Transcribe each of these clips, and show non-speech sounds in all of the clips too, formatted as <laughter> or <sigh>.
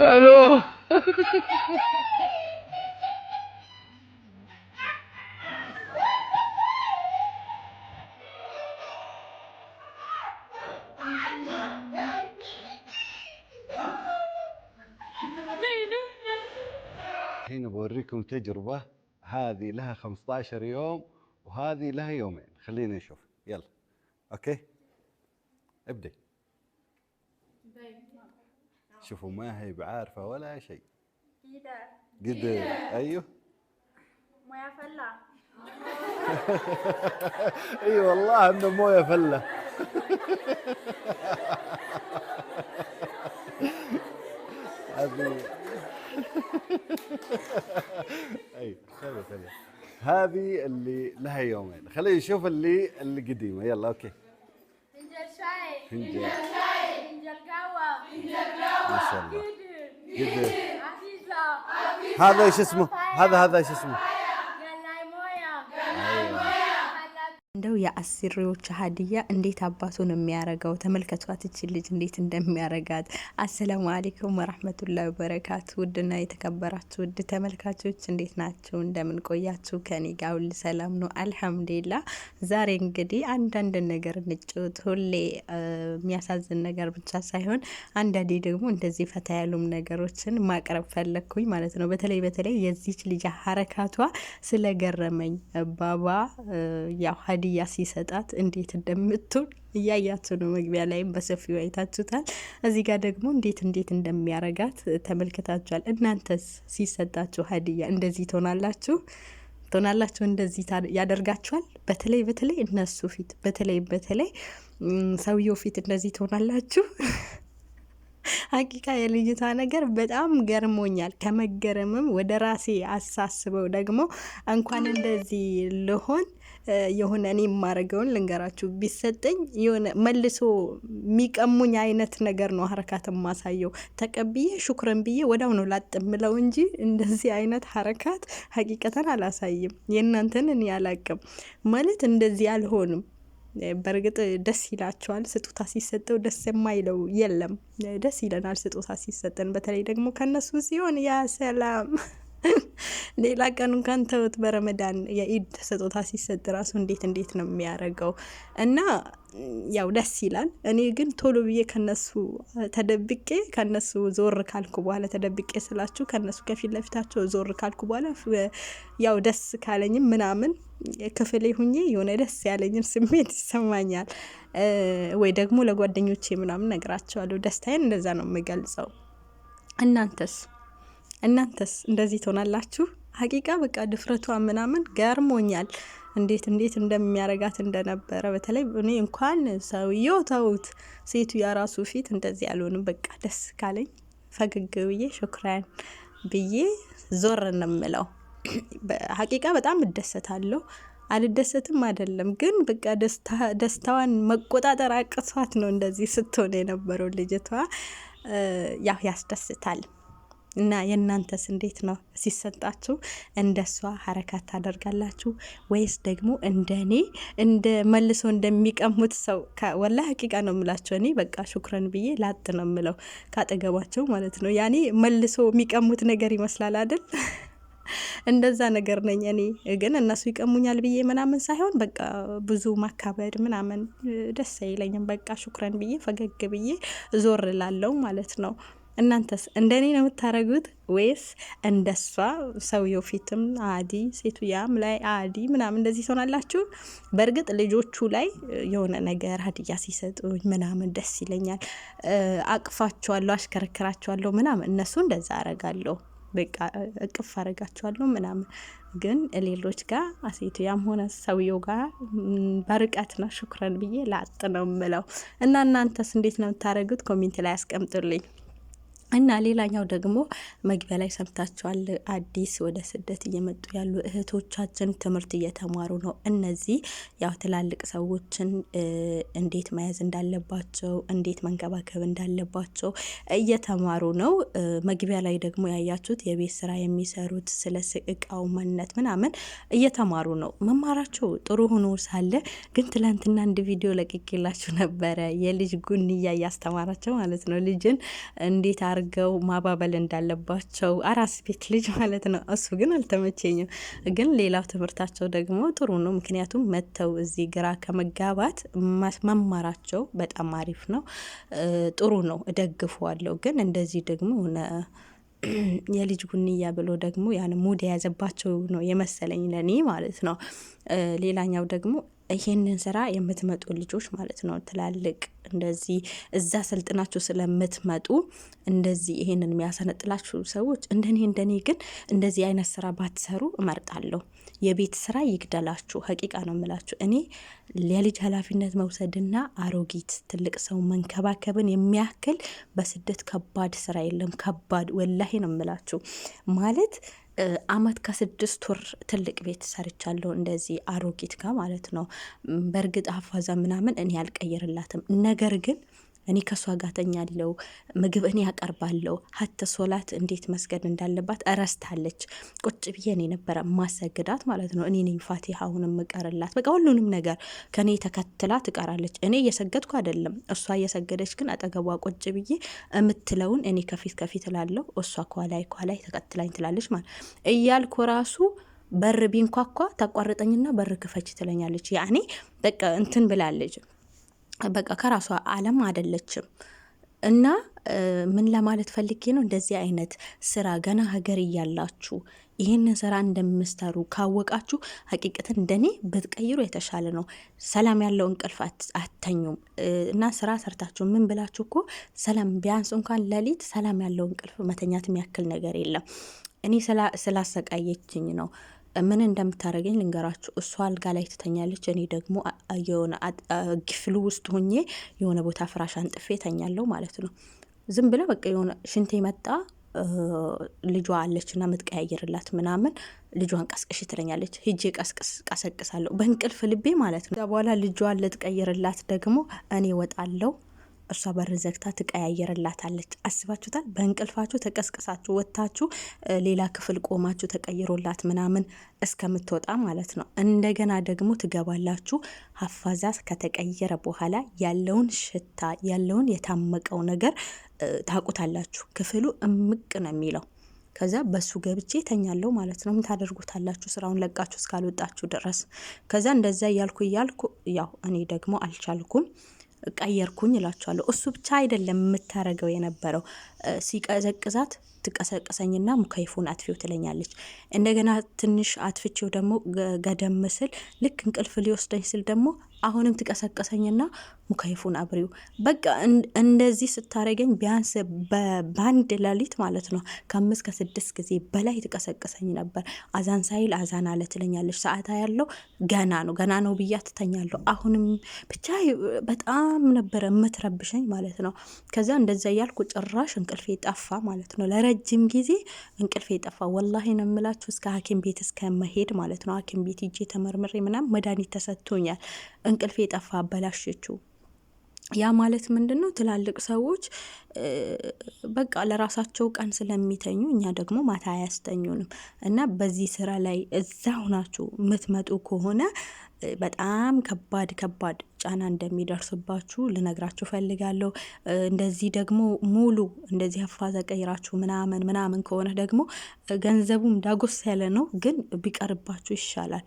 الو الحين بوريكم تجربة هذه لها 15 يوم وهذه لها يومين خلينا نشوف يلا اوكي ابدي طيب. باي شوفوا ما هي بعارفة ولا شيء قدر قدر أيوه موية فلة <laughs> اي والله انه مويه فله هذه <laughs> <laughs> اي أيوه، خلي خلي هذه اللي لها يومين خلينا نشوف اللي القديمه يلا اوكي فنجان شاي فنجان شاي ما شاء الله جدا هذا ايش اسمه هذا هذا ايش اسمه እንደው የአስሪዎች ሀዲያ እንዴት አባቱን የሚያረገው ተመልከቷት፣ እች ልጅ እንዴት እንደሚያረጋት። አሰላሙ አሌይኩም ወራህመቱላሂ ወበረካቱ። ውድና የተከበራችሁ ውድ ተመልካቾች እንዴት ናችሁ? እንደምን ቆያችሁ? ከኔ ጋር ሁሉ ሰላም ነው አልሐምዱሊላ። ዛሬ እንግዲህ አንዳንድ ነገር እንጭት፣ ሁሌ የሚያሳዝን ነገር ብቻ ሳይሆን አንዳንዴ ደግሞ እንደዚህ ፈታ ያሉም ነገሮችን ማቅረብ ፈለግኩኝ ማለት ነው። በተለይ በተለይ የዚች ልጅ ሀረካቷ ስለገረመኝ ባባ ያው ሀዲ ሀዲያ ሲሰጣት እንዴት እንደምትሆን እያያችሁ ነው። መግቢያ ላይም በሰፊው አይታችሁታል። እዚህ ጋር ደግሞ እንዴት እንዴት እንደሚያረጋት ተመልክታችኋል። እናንተስ ሲሰጣችሁ ሀዲያ እንደዚህ ትሆናላችሁ ትሆናላችሁ እንደዚህ ያደርጋችኋል። በተለይ በተለይ እነሱ ፊት በተለይ በተለይ ሰውየው ፊት እንደዚህ ትሆናላችሁ። ሀቂቃ የልጅቷ ነገር በጣም ገርሞኛል። ከመገረምም ወደ ራሴ አሳስበው ደግሞ እንኳን እንደዚህ ልሆን የሆነ እኔ የማረገውን ልንገራችሁ ቢሰጠኝ የሆነ መልሶ የሚቀሙኝ አይነት ነገር ነው ሀረካት የማሳየው። ተቀብዬ ሹክረን ብዬ ወዳው ነው ላጥ ምለው እንጂ እንደዚህ አይነት ሀረካት ሀቂቀተን አላሳይም። የእናንተን እኔ አላቅም ማለት እንደዚህ አልሆንም። በእርግጥ ደስ ይላቸዋል። ስጦታ ሲሰጠው ደስ የማይለው የለም። ደስ ይለናል ስጦታ ሲሰጠን፣ በተለይ ደግሞ ከእነሱ ሲሆን ያ ሰላም <laughs> ሌላ ቀን እንኳን ተውት። በረመዳን የኢድ ስጦታ ሲሰጥ ራሱ እንዴት እንዴት ነው የሚያደርገው? እና ያው ደስ ይላል። እኔ ግን ቶሎ ብዬ ከነሱ ተደብቄ ከነሱ ዞር ካልኩ በኋላ ተደብቄ ስላችሁ ከነሱ ከፊት ለፊታቸው ዞር ካልኩ በኋላ ያው ደስ ካለኝም ምናምን ክፍሌ ሁኜ የሆነ ደስ ያለኝም ስሜት ይሰማኛል። ወይ ደግሞ ለጓደኞቼ ምናምን ነግራቸዋለሁ። ደስታዬን እንደዛ ነው የምገልጸው። እናንተስ? እናንተስ እንደዚህ ትሆናላችሁ? ሀቂቃ በቃ ድፍረቷ ምናምን ገርሞኛል። እንዴት እንዴት እንደሚያረጋት እንደነበረ በተለይ እኔ እንኳን ሰውየው ተውት፣ ሴቱ የራሱ ፊት እንደዚህ ያልሆንም። በቃ ደስ ካለኝ ፈገግ ብዬ ሹክራን ብዬ ዞር እንምለው። ሀቂቃ በጣም እደሰታለሁ። አልደሰትም አይደለም፣ ግን በቃ ደስታዋን መቆጣጠር አቅሷት ነው እንደዚህ ስትሆን የነበረው ልጅቷ። ያው ያስደስታል። እና የእናንተስ እንዴት ነው? ሲሰጣችሁ እንደ እሷ ሀረካት ታደርጋላችሁ ወይስ ደግሞ እንደ እኔ እንደ መልሶ እንደሚቀሙት ሰው? ወላ ሀቂቃ ነው የምላቸው። እኔ በቃ ሹክረን ብዬ ላጥ ነው የምለው ካጠገባቸው ማለት ነው። ያኔ መልሶ የሚቀሙት ነገር ይመስላል አይደል? <laughs> እንደዛ ነገር ነኝ እኔ። ግን እነሱ ይቀሙኛል ብዬ ምናምን ሳይሆን በቃ ብዙ ማካበድ ምናምን ደስ አይለኝም። በቃ ሹክረን ብዬ ፈገግ ብዬ ዞር ላለው ማለት ነው። እናንተስ እንደኔ ነው የምታደረጉት ወይስ እንደሷ ሰውየው ፊትም አዲ ሴቱያም ላይ አዲ ምናምን እንደዚህ ትሆናላችሁ? በእርግጥ ልጆቹ ላይ የሆነ ነገር ሀዲያ ሲሰጡኝ ምናምን ደስ ይለኛል። አቅፋችኋለሁ፣ አሽከረክራችኋለሁ ምናምን እነሱ እንደዛ አረጋለሁ በቃ እቅፍ አረጋችኋለሁ ምናምን። ግን ሌሎች ጋር ያም ሆነ ሰውየው ጋር በርቀት ነው ሽኩረን ብዬ ላጥ ነው ምለው እና እናንተስ እንዴት ነው የምታደርጉት? ኮሚንት ላይ አስቀምጡልኝ። እና ሌላኛው ደግሞ መግቢያ ላይ ሰምታችኋል። አዲስ ወደ ስደት እየመጡ ያሉ እህቶቻችን ትምህርት እየተማሩ ነው። እነዚህ ያው ትላልቅ ሰዎችን እንዴት መያዝ እንዳለባቸው፣ እንዴት መንከባከብ እንዳለባቸው እየተማሩ ነው። መግቢያ ላይ ደግሞ ያያችሁት የቤት ስራ የሚሰሩት ስለ እቃው ማንነት ምናምን እየተማሩ ነው። መማራቸው ጥሩ ሆኖ ሳለ ግን ትላንትና አንድ ቪዲዮ ለቅቄላችሁ ነበረ። የልጅ ጉንያ እያስተማራቸው ማለት ነው ልጅን እንዴት አርገው ማባበል እንዳለባቸው አራስ ቤት ልጅ ማለት ነው። እሱ ግን አልተመቼኝም። ግን ሌላው ትምህርታቸው ደግሞ ጥሩ ነው። ምክንያቱም መጥተው እዚህ ግራ ከመጋባት መማራቸው በጣም አሪፍ ነው፣ ጥሩ ነው፣ እደግፈዋለሁ። ግን እንደዚህ ደግሞ <clears throat> የልጅ ጉንያ ብሎ ደግሞ ያን ሙድ የያዘባቸው ነው የመሰለኝ ለኔ ማለት ነው። ሌላኛው ደግሞ ይሄንን ስራ የምትመጡ ልጆች ማለት ነው ትላልቅ እንደዚህ እዛ ሰልጥናችሁ ስለምትመጡ እንደዚህ ይሄንን የሚያሰነጥላችሁ ሰዎች እንደኔ እንደኔ ግን እንደዚህ አይነት ስራ ባትሰሩ እመርጣለሁ። የቤት ስራ ይግደላችሁ። ሀቂቃ ነው የምላችሁ። እኔ የልጅ ኃላፊነት መውሰድና አሮጊት ትልቅ ሰው መንከባከብን የሚያክል በስደት ከባድ ስራ የለም። ከባድ ወላሄ ነው የምላችሁ ማለት አመት ከስድስት ወር ትልቅ ቤት ሰርቻለሁ። እንደዚህ አሮጊት ጋር ማለት ነው። በእርግጥ አፋዛ ምናምን እኔ አልቀይርላትም ነገር ግን እኔ ከእሷ ጋር ተኛለሁ፣ ምግብ እኔ ያቀርባለው ሀተ ሶላት እንዴት መስገድ እንዳለባት እረስታለች። ቁጭ ብዬ እኔ ነበረ ማሰግዳት ማለት ነው። እኔ ነኝ ፋቲሃውን የምቀርላት። በቃ ሁሉንም ነገር ከእኔ ተከትላ ትቀራለች። እኔ እየሰገድኩ አይደለም፣ እሷ እየሰገደች ግን አጠገቧ ቁጭ ብዬ የምትለውን እኔ ከፊት ከፊት እላለሁ፣ እሷ ከኋላይ ከኋላይ ተከትላኝ ትላለች ማለት እያልኩ ራሱ በር ቢንኳኳ ታቋርጠኝና በር ክፈች ትለኛለች። ያኔ በቃ እንትን ብላለች። በቃ ከራሷ አለም አይደለችም እና ምን ለማለት ፈልጌ ነው፣ እንደዚህ አይነት ስራ ገና ሀገር እያላችሁ ይህንን ስራ እንደምሰሩ ካወቃችሁ ሀቂቅትን እንደኔ ብትቀይሩ የተሻለ ነው። ሰላም ያለው እንቅልፍ አተኙም እና ስራ ሰርታችሁ ምን ብላችሁ እኮ ሰላም ቢያንስ እንኳን ሌሊት ሰላም ያለው እንቅልፍ መተኛት የሚያክል ነገር የለም። እኔ ስላሰቃየችኝ ነው ምን እንደምታደርገኝ ልንገራችሁ። እሷ አልጋ ላይ ትተኛለች፣ እኔ ደግሞ የሆነ ክፍሉ ውስጥ ሁኜ የሆነ ቦታ ፍራሽ አንጥፌ ተኛለሁ ማለት ነው። ዝም ብለ በቃ የሆነ ሽንቴ መጣ ልጇ አለችና ምትቀያየርላት ምናምን ልጇን ቀስቅሽ ትለኛለች። ሂጄ ቀስቅስ ቀሰቅሳለሁ በእንቅልፍ ልቤ ማለት ነው። በኋላ ልጇን ልትቀይርላት ደግሞ እኔ ወጣለው። እሷ በር ዘግታ ትቀያየርላታለች። አስባችሁታል? በእንቅልፋችሁ ተቀስቅሳችሁ ወጥታችሁ ሌላ ክፍል ቆማችሁ ተቀይሮላት ምናምን እስከምትወጣ ማለት ነው። እንደገና ደግሞ ትገባላችሁ። ሀፋዛ ከተቀየረ በኋላ ያለውን ሽታ ያለውን የታመቀው ነገር ታቁታላችሁ። ክፍሉ እምቅ ነው የሚለው ከዛ በሱ ገብቼ ተኛለው ማለት ነው። ታደርጉታላችሁ ስራውን ለቃችሁ እስካልወጣችሁ ድረስ። ከዛ እንደዛ እያልኩ እያልኩ ያው እኔ ደግሞ አልቻልኩም። ቀየርኩኝ እላችኋለሁ። እሱ ብቻ አይደለም የምታረገው የነበረው ሲቀዘቅዛት ትቀሰቅሰኝና ሙከይፉን አትፊው ትለኛለች። እንደገና ትንሽ አትፍቼው ደግሞ ገደም ስል ልክ እንቅልፍ ሊወስደኝ ስል ደግሞ አሁንም ትቀሰቅሰኝና ሙከይፉን አብሪው። በቃ እንደዚህ ስታደርገኝ ቢያንስ በአንድ ሌሊት ማለት ነው ከአምስት ከስድስት ጊዜ በላይ ትቀሰቀሰኝ ነበር። አዛን ሳይል አዛን አለ ትለኛለች። ሰዓታ ያለው ገና ነው ገና ነው ብያ ትተኛለሁ። አሁንም ብቻ በጣም ነበረ የምትረብሸኝ ማለት ነው። ከዚያ እንደዚያ እያልኩ ጭራሽ እንቅልፍ ጠፋ ማለት ነው። ለረጅም ጊዜ እንቅልፍ የጠፋ ወላሂ ነው የምላችሁ እስከ ሐኪም ቤት እስከ መሄድ ማለት ነው። ሐኪም ቤት ሂጄ ተመርምሬ ምናምን መድኃኒት ተሰጥቶኛል። እንቅልፍ ጠፋ። አበላሸችው። ያ ማለት ምንድን ነው? ትላልቅ ሰዎች በቃ ለራሳቸው ቀን ስለሚተኙ እኛ ደግሞ ማታ አያስተኙንም እና በዚህ ስራ ላይ እዛ ሁናችሁ የምትመጡ ከሆነ በጣም ከባድ ከባድ ጫና እንደሚደርስባችሁ ልነግራችሁ ፈልጋለሁ። እንደዚህ ደግሞ ሙሉ እንደዚህ አፋ ዘቀይራችሁ ምናምን ምናምን ከሆነ ደግሞ ገንዘቡም ዳጎስ ያለ ነው፣ ግን ቢቀርባችሁ ይሻላል።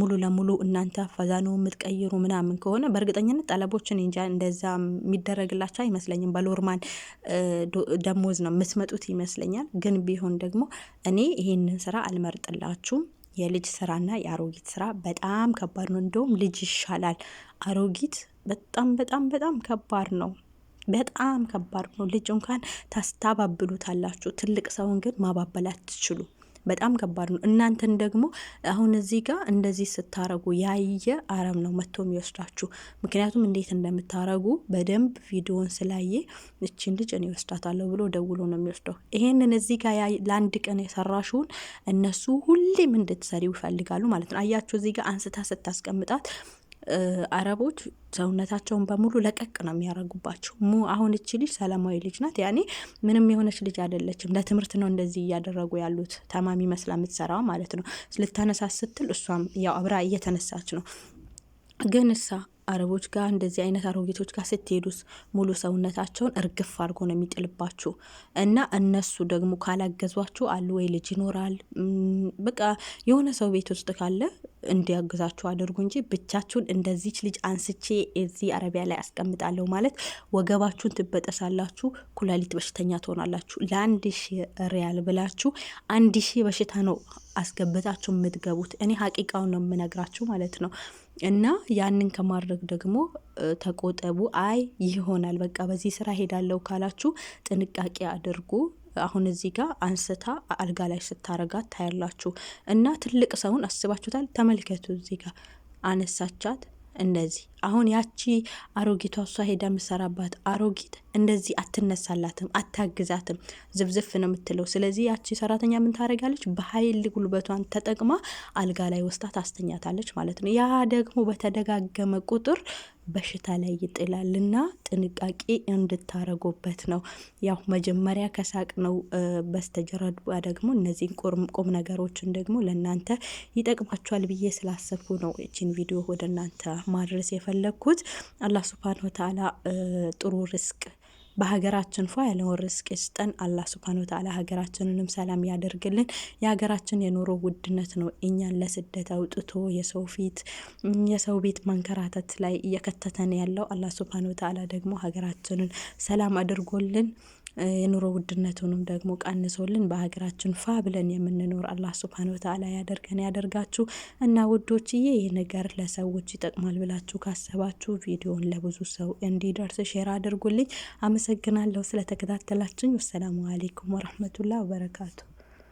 ሙሉ ለሙሉ እናንተ ፈዛኑ የምትቀይሩ ምናምን ከሆነ በእርግጠኝነት ጠለቦችን እንጃ እንደዛ የሚደረግላቸው አይመስለኝም። በሎርማን ደሞዝ ነው የምትመጡት ይመስለኛል። ግን ቢሆን ደግሞ እኔ ይሄንን ስራ አልመርጥላችሁም። የልጅ ስራና የአሮጊት ስራ በጣም ከባድ ነው። እንደውም ልጅ ይሻላል። አሮጊት በጣም በጣም በጣም ከባድ ነው። በጣም ከባድ ነው። ልጅ እንኳን ታስታባብሉታላችሁ። ትልቅ ሰውን ግን ማባበል አትችሉ። በጣም ከባድ ነው። እናንተን ደግሞ አሁን እዚህ ጋር እንደዚህ ስታረጉ ያየ አረም ነው መጥቶ የሚወስዳችሁ። ምክንያቱም እንዴት እንደምታረጉ በደንብ ቪዲዮን ስላየ እችን ልጅ እኔ ወስዳታለሁ ብሎ ደውሎ ነው የሚወስደው። ይሄንን እዚህ ጋር ለአንድ ቀን የሰራሽውን እነሱ ሁሌም እንድትሰሪው ይፈልጋሉ ማለት ነው። አያችሁ እዚህ ጋር አንስታ ስታስቀምጣት አረቦች ሰውነታቸውን በሙሉ ለቀቅ ነው የሚያደርጉባቸው። ሙ አሁን እቺ ልጅ ሰላማዊ ልጅ ናት። ያኔ ምንም የሆነች ልጅ አይደለችም። ለትምህርት ነው እንደዚህ እያደረጉ ያሉት ተማሚ መስላ የምትሰራው ማለት ነው። ልታነሳ ስትል እሷም ያው አብራ እየተነሳች ነው። ግን እሳ አረቦች ጋር እንደዚህ አይነት አሮጌቶች ጋር ስትሄዱስ ሙሉ ሰውነታቸውን እርግፍ አድርጎ ነው የሚጥልባችሁ። እና እነሱ ደግሞ ካላገዟችሁ አሉ ወይ ልጅ ይኖራል። በቃ የሆነ ሰው ቤት ውስጥ ካለ እንዲያግዛችሁ አድርጉ እንጂ ብቻችሁን እንደዚች ልጅ አንስቼ እዚህ አረቢያ ላይ አስቀምጣለሁ ማለት ወገባችሁን ትበጠሳላችሁ፣ ኩላሊት በሽተኛ ትሆናላችሁ። ለአንድ ሺ ሪያል ብላችሁ አንድ ሺ በሽታ ነው አስገብታችሁ የምትገቡት። እኔ ሀቂቃውን ነው የምነግራችሁ ማለት ነው። እና ያንን ከማድረግ ደግሞ ተቆጠቡ። አይ ይሆናል በቃ በዚህ ስራ ሄዳለሁ ካላችሁ ጥንቃቄ አድርጉ። አሁን እዚህ ጋር አንስታ አልጋ ላይ ስታረጋት ታያላችሁ። እና ትልቅ ሰውን አስባችሁታል። ተመልከቱ፣ እዚህ ጋር አነሳቻት እንደዚህ አሁን ያቺ አሮጊቷ እሷ ሄዳ የምሰራባት አሮጊት እንደዚህ አትነሳላትም፣ አታግዛትም፣ ዝብዝፍ ነው የምትለው። ስለዚህ ያቺ ሰራተኛ ምን ታደርጋለች? በሀይል ጉልበቷን ተጠቅማ አልጋ ላይ ወስዳ ታስተኛታለች ማለት ነው። ያ ደግሞ በተደጋገመ ቁጥር በሽታ ላይ ይጥላል እና ጥንቃቄ እንድታረጉበት ነው። ያው መጀመሪያ ከሳቅ ነው፣ በስተጀርባ ደግሞ እነዚህን ቁም ነገሮችን ደግሞ ለእናንተ ይጠቅማችኋል ብዬ ስላሰብኩ ነው ይችን ቪዲዮ ወደ እናንተ ማድረስ የፈለ የፈለግኩት አላህ ሱብሃነ ወተዓላ ጥሩ ርስቅ በሀገራችን ፏ ያለውን ርስቅ ይስጠን። አላህ ሱብሃነ ወተዓላ ሀገራችንንም ሰላም ያደርግልን። የሀገራችን የኑሮ ውድነት ነው እኛን ለስደት አውጥቶ የሰው ፊት የሰው ቤት መንከራተት ላይ እየከተተን ያለው። አላህ ሱብሃነ ወተዓላ ደግሞ ሀገራችንን ሰላም አድርጎልን የኑሮ ውድነቱንም ደግሞ ቀንሶልን በሀገራችን ፋ ብለን የምንኖር አላህ ሱብሃነ ወተዓላ ያደርገን ያደርጋችሁ። እና ውዶችዬ ይህ ነገር ለሰዎች ይጠቅማል ብላችሁ ካሰባችሁ ቪዲዮን ለብዙ ሰው እንዲደርስ ሼር አድርጉልኝ። አመሰግናለሁ ስለተከታተላችኝ። ወሰላሙ አሌይኩም ወረህመቱላ ወበረካቱ